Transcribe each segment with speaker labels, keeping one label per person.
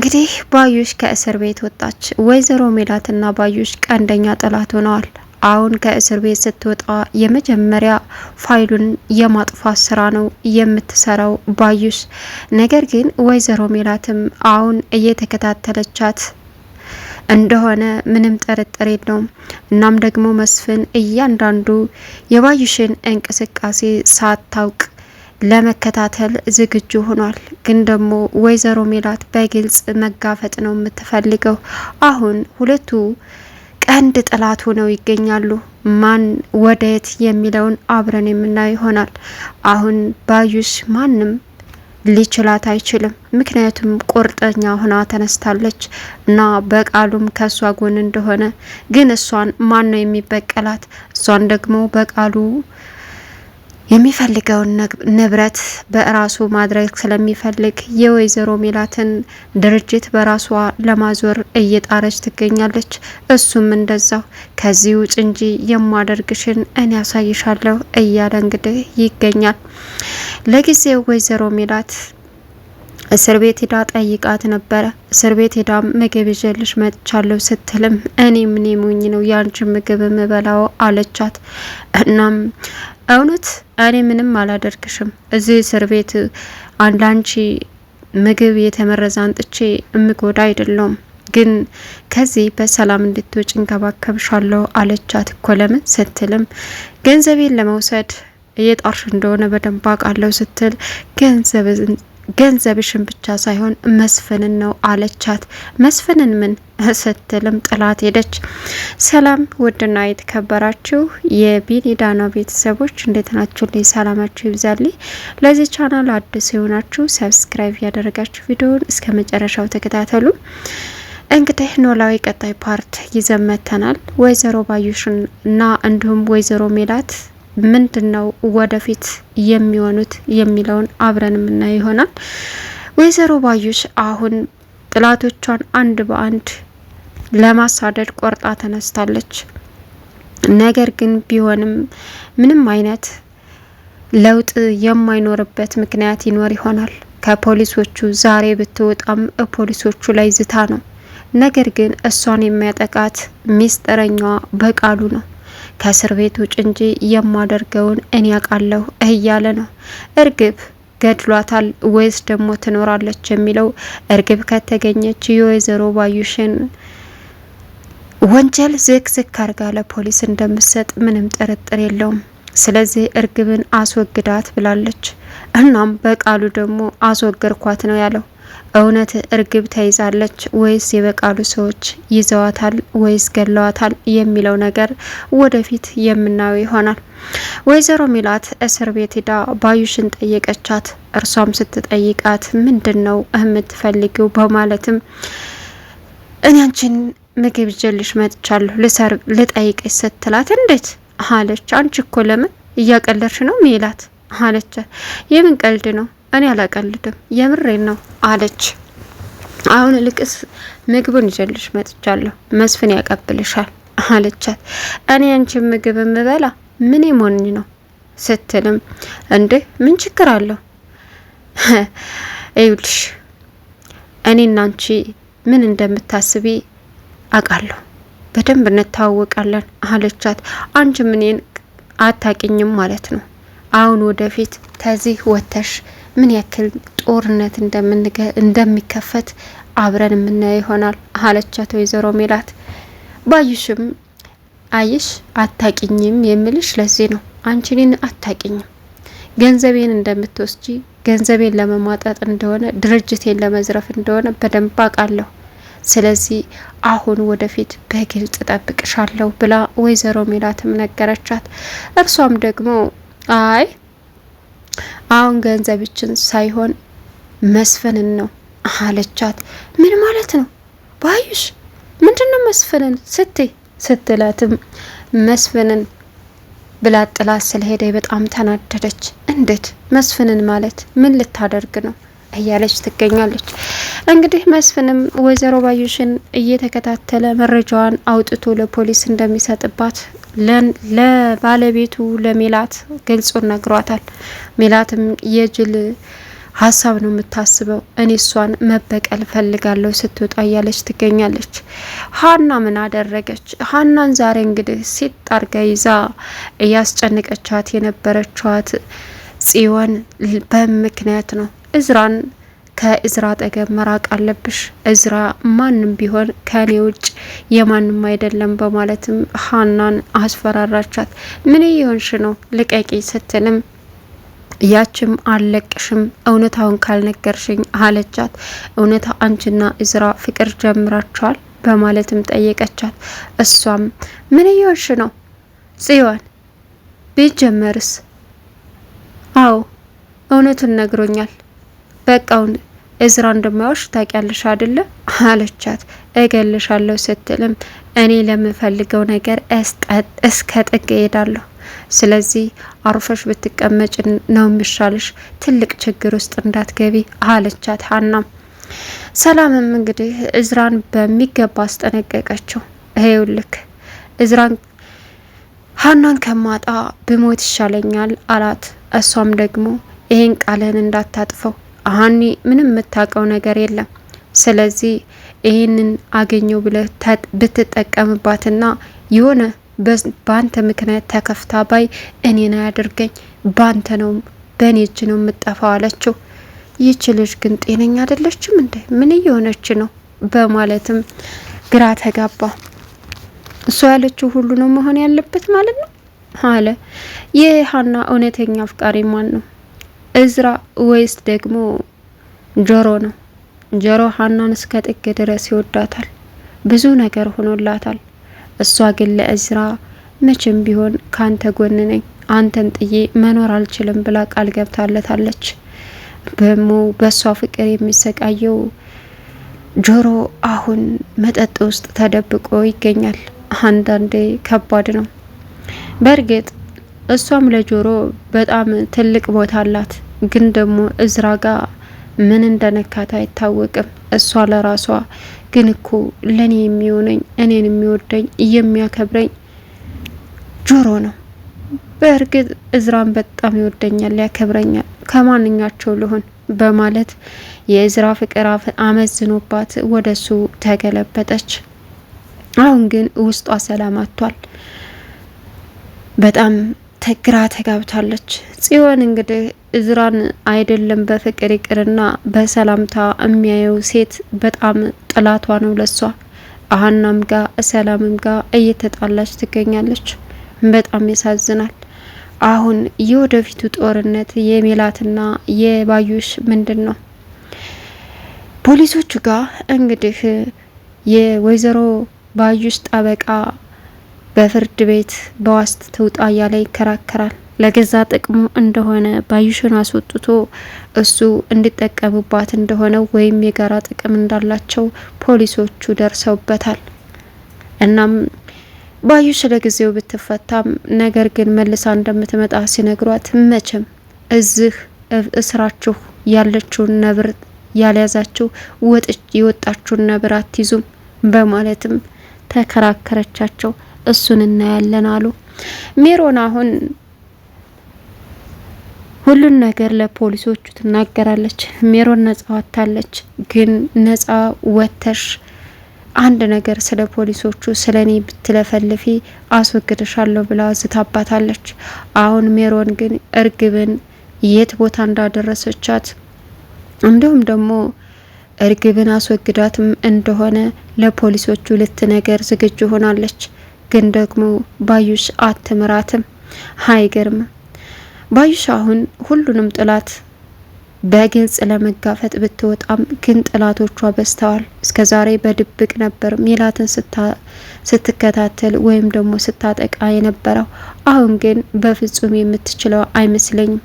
Speaker 1: እንግዲህ ባዩሽ ከእስር ቤት ወጣች። ወይዘሮ ሜላትና ባዩሽ ቀንደኛ ጠላት ሆነዋል። አሁን ከእስር ቤት ስትወጣ የመጀመሪያ ፋይሉን የማጥፋት ስራ ነው የምትሰራው ባዩሽ። ነገር ግን ወይዘሮ ሜላትም አሁን እየተከታተለቻት እንደሆነ ምንም ጥርጥር የለውም። እናም ደግሞ መስፍን እያንዳንዱ የባዩሽን እንቅስቃሴ ሳታውቅ ለመከታተል ዝግጁ ሆኗል። ግን ደግሞ ወይዘሮ ሜላት በግልጽ መጋፈጥ ነው የምትፈልገው። አሁን ሁለቱ ቀንድ ጠላት ሆነው ይገኛሉ። ማን ወደየት የሚለውን አብረን የምናየው ይሆናል። አሁን ባዩሽ ማንም ሊችላት አይችልም። ምክንያቱም ቁርጠኛ ሆና ተነስታለች እና በቃሉም ከእሷ ጎን እንደሆነ ግን እሷን ማን ነው የሚበቀላት? እሷን ደግሞ በቃሉ የሚፈልገውን ንብረት በራሱ ማድረግ ስለሚፈልግ የወይዘሮ ሜላትን ድርጅት በራሷ ለማዞር እየጣረች ትገኛለች። እሱም እንደዛው ከዚህ ውጭ እንጂ የማደርግሽን እኔ ያሳይሻለሁ እያለ እንግዲህ ይገኛል። ለጊዜው ወይዘሮ ሜላት እስር ቤት ሄዳ ጠይቃት ነበረ። እስር ቤት ሄዳ ምግብ ይዤልሽ መጥቻለሁ ስትልም እኔ ምን ሙኝ ነው ያንቺ ምግብ ምበላው አለቻት። እናም እውነት እኔ ምንም አላደርግሽም። እዚህ እስር ቤት አንዳንቺ ምግብ የተመረዘ አንጥቼ እምጎዳ አይደለውም ግን ከዚህ በሰላም እንድትወጪ እንከባከብሻለሁ አለቻት። እኮ ለምን ስትልም ገንዘቤን ለመውሰድ እየጣርሽ እንደሆነ በደንብ አውቃለሁ ስትል ገንዘብ ገንዘብሽን ብቻ ሳይሆን መስፍንን ነው አለቻት። መስፍንን ምን ስትልም ጥላት ሄደች። ሰላም ውድና የተከበራችሁ የቢኒዳና ቤተሰቦች እንዴት ናችሁ? ላይ ሰላማችሁ ይብዛልኝ። ለዚህ ቻናል አዲስ የሆናችሁ ሰብስክራይብ ያደረጋችሁ ቪዲዮውን እስከ መጨረሻው ተከታተሉ። እንግዲህ ኖላዊ ቀጣይ ፓርት ይዘመተናል። ወይዘሮ ባዩሽና እንዲሁም ወይዘሮ ሜላት ምንድን ነው ወደፊት የሚሆኑት የሚለውን አብረን የምናየው ይሆናል። ወይዘሮ ባዩሽ አሁን ጥላቶቿን አንድ በአንድ ለማሳደድ ቆርጣ ተነስታለች። ነገር ግን ቢሆንም ምንም አይነት ለውጥ የማይኖርበት ምክንያት ይኖር ይሆናል። ከፖሊሶቹ ዛሬ ብትወጣም ፖሊሶቹ ላይ ዝታ ነው። ነገር ግን እሷን የሚያጠቃት ሚስጥረኛዋ በቃሉ ነው። ከእስር ቤት ውጭ እንጂ የማደርገውን እኔ አውቃለሁ እያለ ነው። እርግብ ገድሏታል ወይስ ደግሞ ትኖራለች የሚለው እርግብ ከተገኘች የወይዘሮ ባዩሽን ወንጀል ዝክዝክ አርጋ ለፖሊስ እንደምትሰጥ ምንም ጥርጥር የለውም። ስለዚህ እርግብን አስወግዳት ብላለች። እናም በቃሉ ደግሞ አስወገድኳት ነው ያለው። እውነት እርግብ ተይዛለች ወይስ የበቃሉ ሰዎች ይዘዋታል ወይስ ገለዋታል የሚለው ነገር ወደፊት የምናየው ይሆናል። ወይዘሮ ሚላት እስር ቤት ሄዳ ባዩሽን ጠየቀቻት። እርሷም ስትጠይቃት ምንድን ነው የምትፈልጊው በማለትም እኔ አንቺን ምግብ ጀልሽ መጥቻለሁ ልጠይቅሽ ስትላት እንዴት አለች። አንቺ እኮ ለምን እያቀለድሽ ነው ሚላት አለች። የምን ቀልድ ነው እኔ አላቀልድም፣ የምሬን ነው አለች። አሁን ልቅስ ምግቡን ይዤልሽ መጥቻለሁ፣ መስፍን ያቀብልሻል አለቻት። እኔ አንቺ ምግብ የምበላ ምን ሞኝ ነው ስትልም፣ እንዴ ምን ችግር አለው? ይኸውልሽ እኔ እናንቺ ምን እንደምታስቢ አውቃለሁ፣ በደንብ እንታዋወቃለን አለቻት። አንቺ ምንን አታቂኝም ማለት ነው። አሁን ወደፊት ከዚህ ወተሽ ምን ያክል ጦርነት እንደሚከፈት አብረን የምናየው ይሆናል አለቻት ወይዘሮ ሜላት። ባዩሽም አይሽ አታቂኝም የምልሽ ለዚህ ነው። አንቺኔን አታቂኝም ገንዘቤን እንደምትወስጂ ገንዘቤን ለመሟጠጥ እንደሆነ ድርጅቴን ለመዝረፍ እንደሆነ በደንብ አውቃለሁ። ስለዚህ አሁን ወደፊት በግልጽ ጠብቅሻለሁ ብላ ወይዘሮ ሜላትም ነገረቻት። እርሷም ደግሞ አይ አሁን ገንዘብችን ሳይሆን መስፍንን ነው አለቻት። ምን ማለት ነው ባዩሽ? ምንድን ነው መስፍንን ስትይ ስትላትም መስፍንን ብላ ጥላት ስለሄደ በጣም ተናደደች። እንዴት መስፍንን ማለት ምን ልታደርግ ነው እያለች ትገኛለች። እንግዲህ መስፍንም ወይዘሮ ባዩሽን እየተከታተለ መረጃዋን አውጥቶ ለፖሊስ እንደሚሰጥባት ለባለቤቱ ለሜላት ገልጾ ነግሯታል። ሜላትም የጅል ሀሳብ ነው የምታስበው። እኔ እሷን መበቀል ፈልጋለሁ ስትወጣ እያለች ትገኛለች። ሀና ምን አደረገች? ሀናን ዛሬ እንግዲህ ሲጣርጋ ይዛ እያስጨነቀቻት የነበረችዋት ጽዮን በምክንያት ነው እዝራን ከእዝራ አጠገብ መራቅ አለብሽ። እዝራ ማንም ቢሆን ከኔ ውጭ የማንም አይደለም በማለትም ሀናን አስፈራራቻት። ምን የሆንሽ ነው ልቀቂ ስትልም ያችም አልለቅሽም እውነታውን ካልነገርሽኝ አለቻት። እውነታ አንቺና እዝራ ፍቅር ጀምራችኋል በማለትም ጠየቀቻት። እሷም ምን የሆንሽ ነው ጽዮን ቢጀመርስ? አዎ እውነቱን ነግሮኛል። በቃውን እዝራ እንደማያውሽ ታውቂያለሽ አይደለ አለቻት። እገልሻለሁ ስትልም እኔ ለምፈልገው ነገር እስከ ጥግ እሄዳለሁ። ስለዚህ አርፈሽ ብትቀመጭ ነው የሚሻልሽ፣ ትልቅ ችግር ውስጥ እንዳትገቢ አለቻት። ሀናም ሰላምም እንግዲህ እዝራን በሚገባ አስጠነቀቀችው። ይሄው ልክ እዝራን ሀናን ከማጣ ብሞት ይሻለኛል አላት። እሷም ደግሞ ይሄን ቃልህን እንዳታጥፈው ሀኒ ምንም የምታውቀው ነገር የለም። ስለዚህ ይህንን አገኘው ብለህ ብትጠቀምባትና የሆነ በአንተ ምክንያት ተከፍታ ባይ እኔን አያድርገኝ ባንተ ነው በእኔ እጅ ነው የምጠፋው አለችው። ይች ልጅ ግን ጤነኛ አይደለችም እንዴ? ምን እየሆነች ነው? በማለትም ግራ ተጋባ። እሷ ያለችው ሁሉ ነው መሆን ያለበት ማለት ነው አለ። የሀና እውነተኛ አፍቃሪ ማን ነው? እዝራ ወይስ ደግሞ ጆሮ ነው? ጆሮ ሀናን እስከ ጥግ ድረስ ይወዳታል። ብዙ ነገር ሆኖላታል። እሷ ግን ለእዝራ መቼም ቢሆን ካንተ ጎን ነኝ፣ አንተን ጥዬ መኖር አልችልም ብላ ቃል ገብታለታለች። በሞ በእሷ ፍቅር የሚሰቃየው ጆሮ አሁን መጠጥ ውስጥ ተደብቆ ይገኛል። አንዳንዴ ከባድ ነው በእርግጥ እሷም ለጆሮ በጣም ትልቅ ቦታ አላት። ግን ደግሞ እዝራ ጋ ምን እንደነካት አይታወቅም። እሷ ለራሷ ግን እኮ ለእኔ የሚሆነኝ እኔን የሚወደኝ የሚያከብረኝ ጆሮ ነው። በእርግጥ እዝራን በጣም ይወደኛል፣ ያከብረኛል ከማንኛቸው ልሆን በማለት የእዝራ ፍቅር አመዝኖባት ወደ እሱ ተገለበጠች። አሁን ግን ውስጧ ሰላም አጥቷል በጣም ግራ ተጋብታለች። ጽዮን እንግዲህ እዝራን አይደለም በፍቅር ይቅርና በሰላምታ የሚያየው ሴት በጣም ጥላቷ ነው ለሷ። አሀናም ጋ ሰላምም ጋ እየተጣላች ትገኛለች። በጣም ያሳዝናል። አሁን የወደፊቱ ጦርነት የሜላትና የባዩሽ ምንድን ነው? ፖሊሶቹ ጋር እንግዲህ የወይዘሮ ባዩሽ ጠበቃ በፍርድ ቤት በዋስት ትውጣ እያለ ይከራከራል። ለገዛ ጥቅሙ እንደሆነ ባዩሽን አስወጥቶ እሱ እንዲጠቀሙባት እንደሆነ ወይም የጋራ ጥቅም እንዳላቸው ፖሊሶቹ ደርሰውበታል። እናም ባዩሽ ለጊዜው ብትፈታም ነገር ግን መልሳ እንደምትመጣ ሲነግሯት መቼም እዚህ እስራችሁ ያለችውን ነብር ያልያዛችሁ ወጥች የወጣችሁን ነብር አትይዙም በማለትም ተከራከረቻቸው። እሱን እናያለን አሉ። ሜሮን አሁን ሁሉን ነገር ለፖሊሶቹ ትናገራለች። ሜሮን ነጻ ወጥታለች። ግን ነጻ ወተሽ አንድ ነገር ስለ ፖሊሶቹ ስለ እኔ ብትለፈልፊ አስወግድሻለሁ ብላ ዝታባታለች። አሁን ሜሮን ግን እርግብን የት ቦታ እንዳደረሰቻት እንዲሁም ደግሞ እርግብን አስወግዳትም እንደሆነ ለፖሊሶቹ ልትነገር ዝግጁ ሆናለች። ግን ደግሞ ባዩሽ አትምራትም። አይገርም ባዩሽ አሁን ሁሉንም ጥላት በግልጽ ለመጋፈጥ ብትወጣም ግን ጥላቶቿ በዝተዋል። እስከ ዛሬ በድብቅ ነበር ሚላትን ስትከታተል ወይም ደግሞ ስታጠቃ የነበረው። አሁን ግን በፍጹም የምትችለው አይመስለኝም።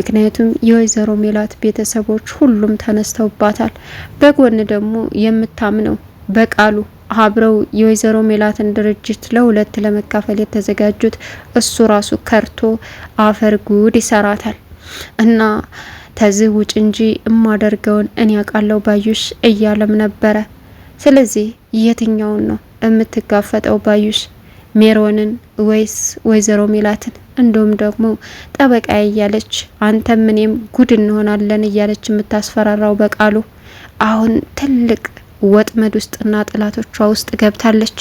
Speaker 1: ምክንያቱም የወይዘሮ ሚላት ቤተሰቦች ሁሉም ተነስተውባታል። በጎን ደግሞ የምታምነው በቃሉ አብረው የወይዘሮ ሜላትን ድርጅት ለሁለት ለመካፈል የተዘጋጁት እሱ ራሱ ከርቶ አፈር ጉድ ይሰራታል እና ተዝህ ውጭ እንጂ እማደርገውን እኔ ያውቃለሁ ባዩሽ እያለም ነበረ። ስለዚህ የትኛውን ነው የምትጋፈጠው ባዩሽ? ሜሮንን ወይስ ወይዘሮ ሜላትን? እንዲሁም ደግሞ ጠበቃ እያለች አንተም እኔም ጉድ እንሆናለን እያለች የምታስፈራራው በቃሉ አሁን ትልቅ ወጥመድ ውስጥና ጠላቶቿ ውስጥ ገብታለች።